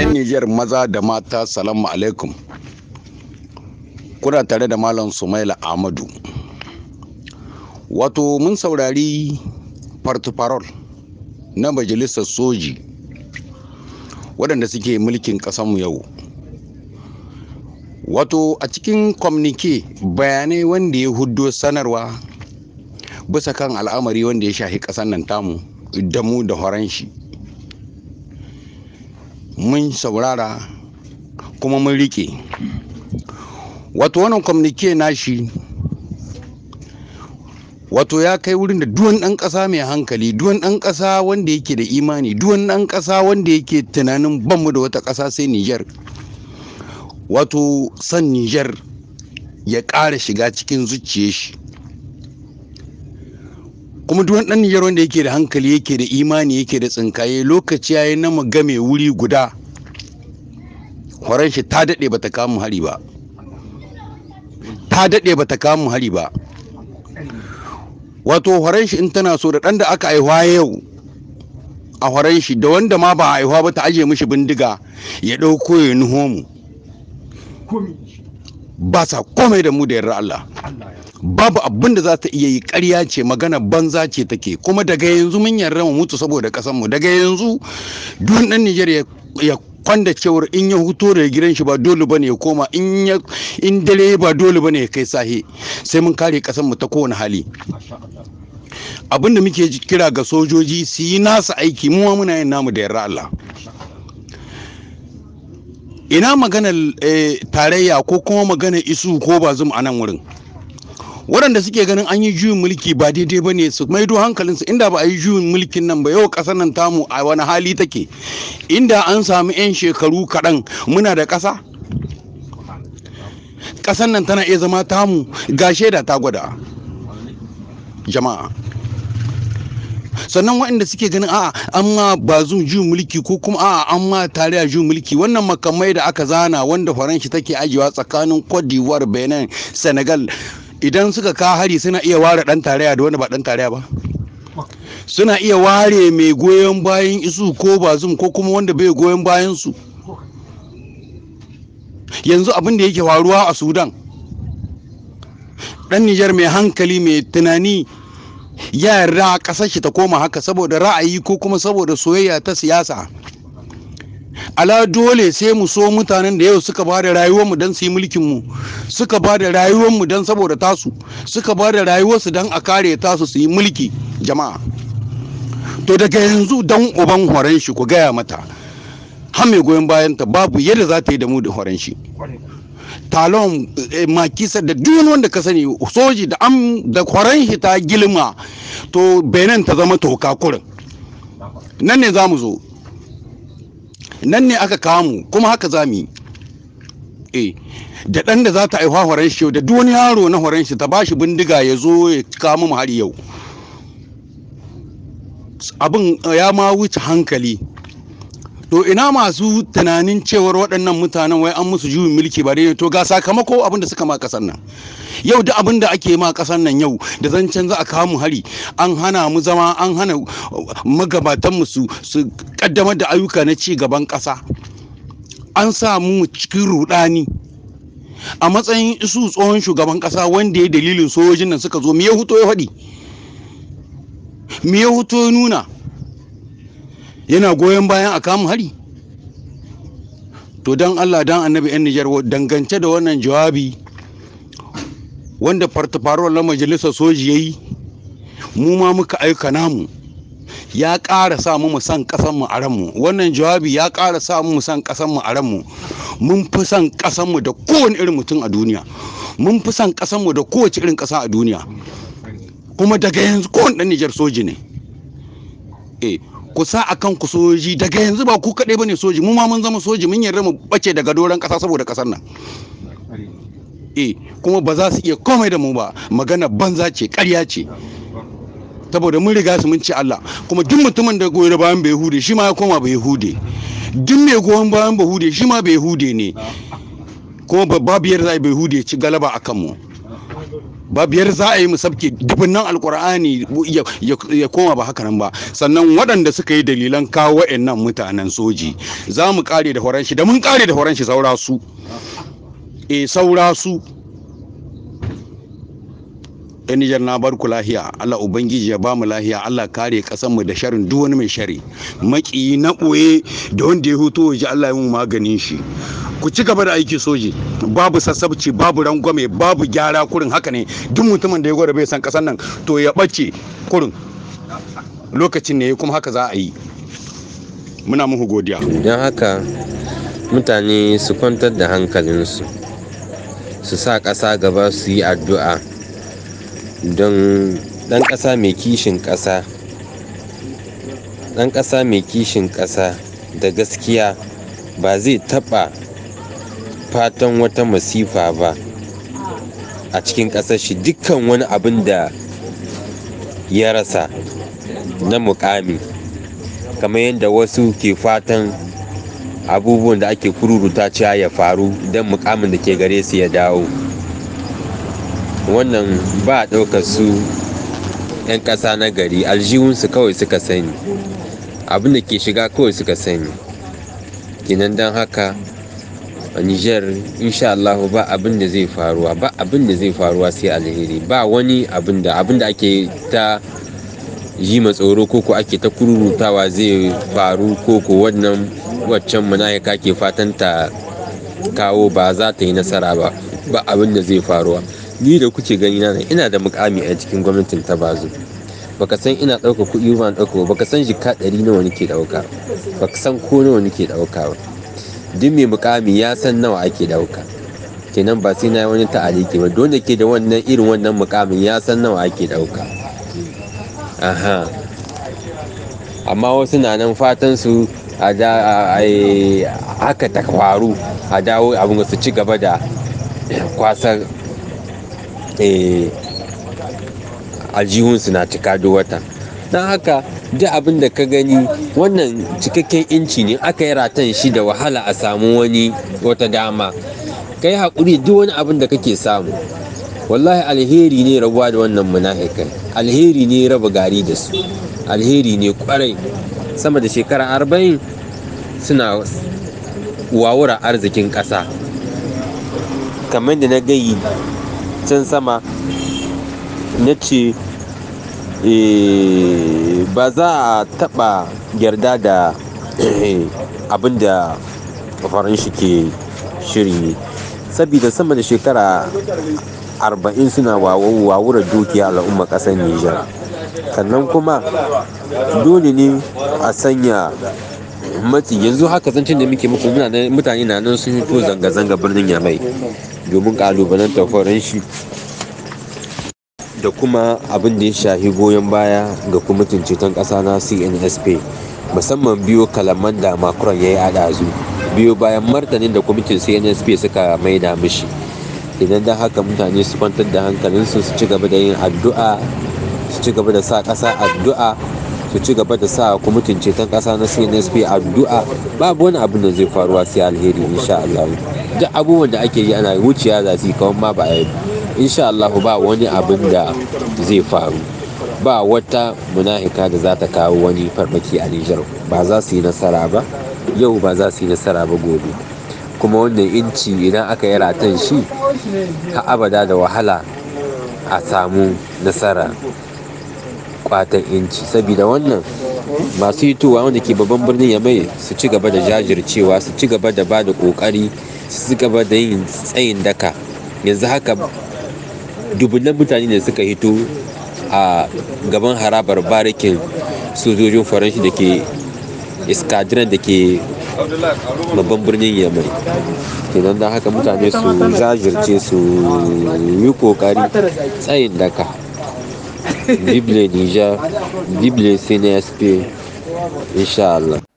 'yan Nijar maza da mata salamu alaikum kuna tare da malam sumaila amadu wato mun saurari fartufarol na majalisar soji waɗanda suke mulkin ƙasanmu yau wato a cikin kwamnike bayanai wanda ya hudo sanarwa bisa kan al'amari wanda ya shahi ƙasan nan tamu da mu da horon shi mun saurara kuma mun rike wato wannan kwamnike shi wato ya kai wurin da duwan ɗan ƙasa mai hankali duwan ɗan ƙasa wanda yake da imani duwan ɗan ƙasa wanda yake tunanin banmu da wata ƙasa sai niger wato san niger ya ƙara shiga cikin zuciyar shi kuma duk wani Nijar da yake da hankali yake da imani yake da tsinkaye lokaci yayi na magame wuri guda horon shi ta dade bata kamu hari ba ta dade bata kamu hari ba wato horon shi in tana so da dan da aka aiwa yau a horon shi da wanda ma ba aiwa ba ta aje mishi bindiga ya dauko ya nuho mu ba sa komai da mu da yarda Allah babu abin da za ta iya yi ƙarya ce magana banza ce take kuma daga yanzu mun yarda mu mutu saboda ƙasar mu daga yanzu duk ɗan Nijar ya kwanda cewar in ya huto da gidan shi ba dole bane ya koma in ya in dare ba dole bane ya kai sahi sai mun kare ƙasar mu ta kowane hali abin da muke kira ga sojoji su yi nasa aiki mu ma muna yin namu da yarda Allah ina maganar eh, tarayya ko kuma maganar isu ko ba bazum a nan wurin waɗanda suke ganin an yi juyin mulki ba daidai ba ne su maido hankalinsu inda ba a yi juyin mulkin nan ba yau ƙasar nan tamu a wani hali take inda an samu 'yan shekaru kaɗan muna da ƙasa ƙasar nan tana iya zama tamu ga shaida ta gwada jama'a sannan waɗanda suke ganin a'a an ma ba zu juyin mulki ko kuma a'a an ma tare a juyin mulki wannan makamai da aka zana wanda faranshi take ajiyewa tsakanin cote d'ivoire benin senegal idan suka ka hari suna iya ware dan tarayya da wanda ba dan tarayya ba suna iya ware mai goyon bayan isu ko bazum ko kuma wanda bai goyon bayan su yanzu abin da yake faruwa a sudan dan nijar mai hankali mai tunani yara ƙasar shi ta koma haka saboda ra'ayi ko kuma saboda soyayya ta siyasa ala dole sai mu so mutanen da yau suka bada da rayuwarmu don su yi mulkinmu suka ba da rayuwarmu don saboda tasu suka ba da rayuwarsu don a kare tasu su yi mulki jama'a to daga yanzu don uban horon shi ku gaya mata har mai goyon bayanta babu yadda za ta yi da mu da horon shi talon eh, makisa da duk wanda ka sani soji da am da kwaran hita ta gilma to benin ta zama toka kurin nan ne za mu zo nan ne aka kamu kuma haka za mu yi eh, da ɗan da za ta aihuwa horon shi da duk wani yaro na horon shi ta ba shi bindiga ya zo ya kamu mu har yau abin ya ma wuce hankali to ina masu tunanin cewar waɗannan mutanen wai an musu juyin mulki ba to ga sakamako abin da suka ma ƙasar nan yau da abin da ake ma ƙasar nan yau da zancen za a kawo mu hari an hana mu zama an hana magabatan mu su kaddamar da ayyuka na ci gaban ƙasa an samu cikin rudani a matsayin isu tsohon shugaban ƙasa wanda ya dalilin sojojin nan suka zo me ya huto ya faɗi me ya huto ya nuna yana goyon bayan a kamun hari to don allah don annabi yan nijar dangance da wannan jawabi wanda fartafarowar na majalisa soji ya yi mu ma muka aika namu ya ƙara sa mu san ƙasanmu a ranmu wannan jawabi ya ƙara sa mu san ƙasanmu a ranmu mun fi san ƙasanmu da kowane irin mutum a duniya mun fi san ƙasanmu da kowace irin ƙasa a duniya kuma daga yanzu kowane ɗan nijar soji ne eh ku sa a kanku soji daga yanzu ba ku kaɗai ne soji mu ma mun zama soji mun yarda mu bace daga doron ƙasa saboda ƙasar nan e kuma ba za su iya komai da mu ba magana banza ce ƙarya ce saboda mun riga su mun ci Allah kuma duk mutumin da goyi da bayan bai hude shi ma ya koma bai hude duk mai goyon bayan bai hude shi ma bai hude ne kuma babbabiyar zai bai hude ci galaba akan mu ba biyar za a yi musabke dubunnan alkur'ani ya koma ba haka ba sannan waɗanda suka yi dalilan kawo wa'annan mutanen soji za mu ƙare da horon shi da mun ƙare da horon shi saura su e saura su yan Nijar na barku lahiya Allah ubangiji ya ba mu lahiya Allah kare ƙasar mu da sharin duk wani mai shari maki na ɓoye da wanda ya hutu ji Allah ya mu maganin shi ku ci gaba da aiki soji babu sassabci babu rangwame babu gyara kurin haka ne duk mutumin da ya gwada bai san kasan nan to ya ɓace kurin lokacin ne kuma haka za a yi muna muku godiya don haka mutane su kwantar da hankalinsu su sa ƙasa gaba su yi addu'a don ɗan ƙasa mai kishin ƙasa ɗan ƙasa mai kishin ƙasa da gaskiya ba zai taɓa fatan wata masifa ba a cikin ƙasar shi dukkan wani abin da ya rasa na mukami kamar yadda wasu ke fatan abubuwan da ake kururuta cewa ya faru don mukamin da ke gare su ya dawo wannan ba a ɗaukar su 'yan ƙasa na gari aljihunsu kawai suka sani abin da ke shiga kawai suka sani kenan don haka Nijar insha Allah ba abin da zai faruwa ba abin da zai faruwa sai alheri ba wani abin da abin da ake ta yi tsoro ko ko ake ta kururutawa zai faru ko ko wannan waccan munayaka ke fatan ta kawo ba za ta yi nasara ba ba abin da zai faruwa ni da kuke gani na nan ina da mukami a cikin gwamnatin ta bazu baka san ina ɗauka kuɗi ba ɗauka baka san jika ɗari nawa nake ɗauka baka san ko nawa nake ɗauka ba duk mai mukami ya san nawa ake dauka kenan ba sai na wani ke ba dole ke da wannan irin wannan mukamin ya san nawa ake dauka aha amma wasu na nan fatan su a haka ta faru a dawo abin su ci gaba da kwasar eh, aljihunsu na cika duk wata don haka duk abin da ka gani wannan cikakken inci ne aka yi ratan shi da wahala a samu wani wata dama ka yi haƙuri duk wani abin da kake samu wallahi alheri ne rabuwa da wannan munafikai alheri ne raba gari da su alheri ne kwarai sama da shekara arba'in suna wawura arzikin ƙasa kamar da na gayi can sama na ce Eh, ba za a taɓa yarda da eh, abin da farin shi ke shiri saboda sama da shekara arba'in suna wawurar dukiya al'umma kasar nijar sannan kuma dole ne a sanya matsi yanzu haka zancen da muke muku mutane na nan sun fito zanga-zanga birnin yamai domin ƙalubalen tafarin shi da kuma abin da ya shahi goyon baya ga kwamitin ceton ƙasa na cnsp musamman biyo kalaman da macron ya yi a ɗazu biyo bayan martanin da kwamitin cnsp suka maida mishi idan don haka mutane su kwantar da hankalinsu su ci gaba da yin addu'a su ci gaba da sa ƙasa addu'a su ci gaba da sa kwamitin ceton ƙasa na cnsp addu'a babu wani abin da zai faruwa sai alheri insha Allah duk abubuwan da ake yi ana wuciya za su yi kawai ma ba a yi insha Allah ba wani abin da zai faru ba wata munahika da za ta kawo wani farmaki a Nijar ba za su yi nasara ba yau ba za su yi nasara ba gobe kuma wannan inci idan aka yi ratan shi ha abada da wahala a samu nasara kwatan inci saboda wannan masu hitowa wanda ke babban birnin ya mai su ci gaba da jajircewa su ci gaba da ba da kokari su ci gaba da yin tsayin daka yanzu haka dubunan mutane ne suka hito a gaban harabar barikin sojojin faransu da ke iskadiran da ke babban birnin yamai kenan da haka mutane su zajirce su yi kokari tsayin daka bible niger bible cnsp insha Allah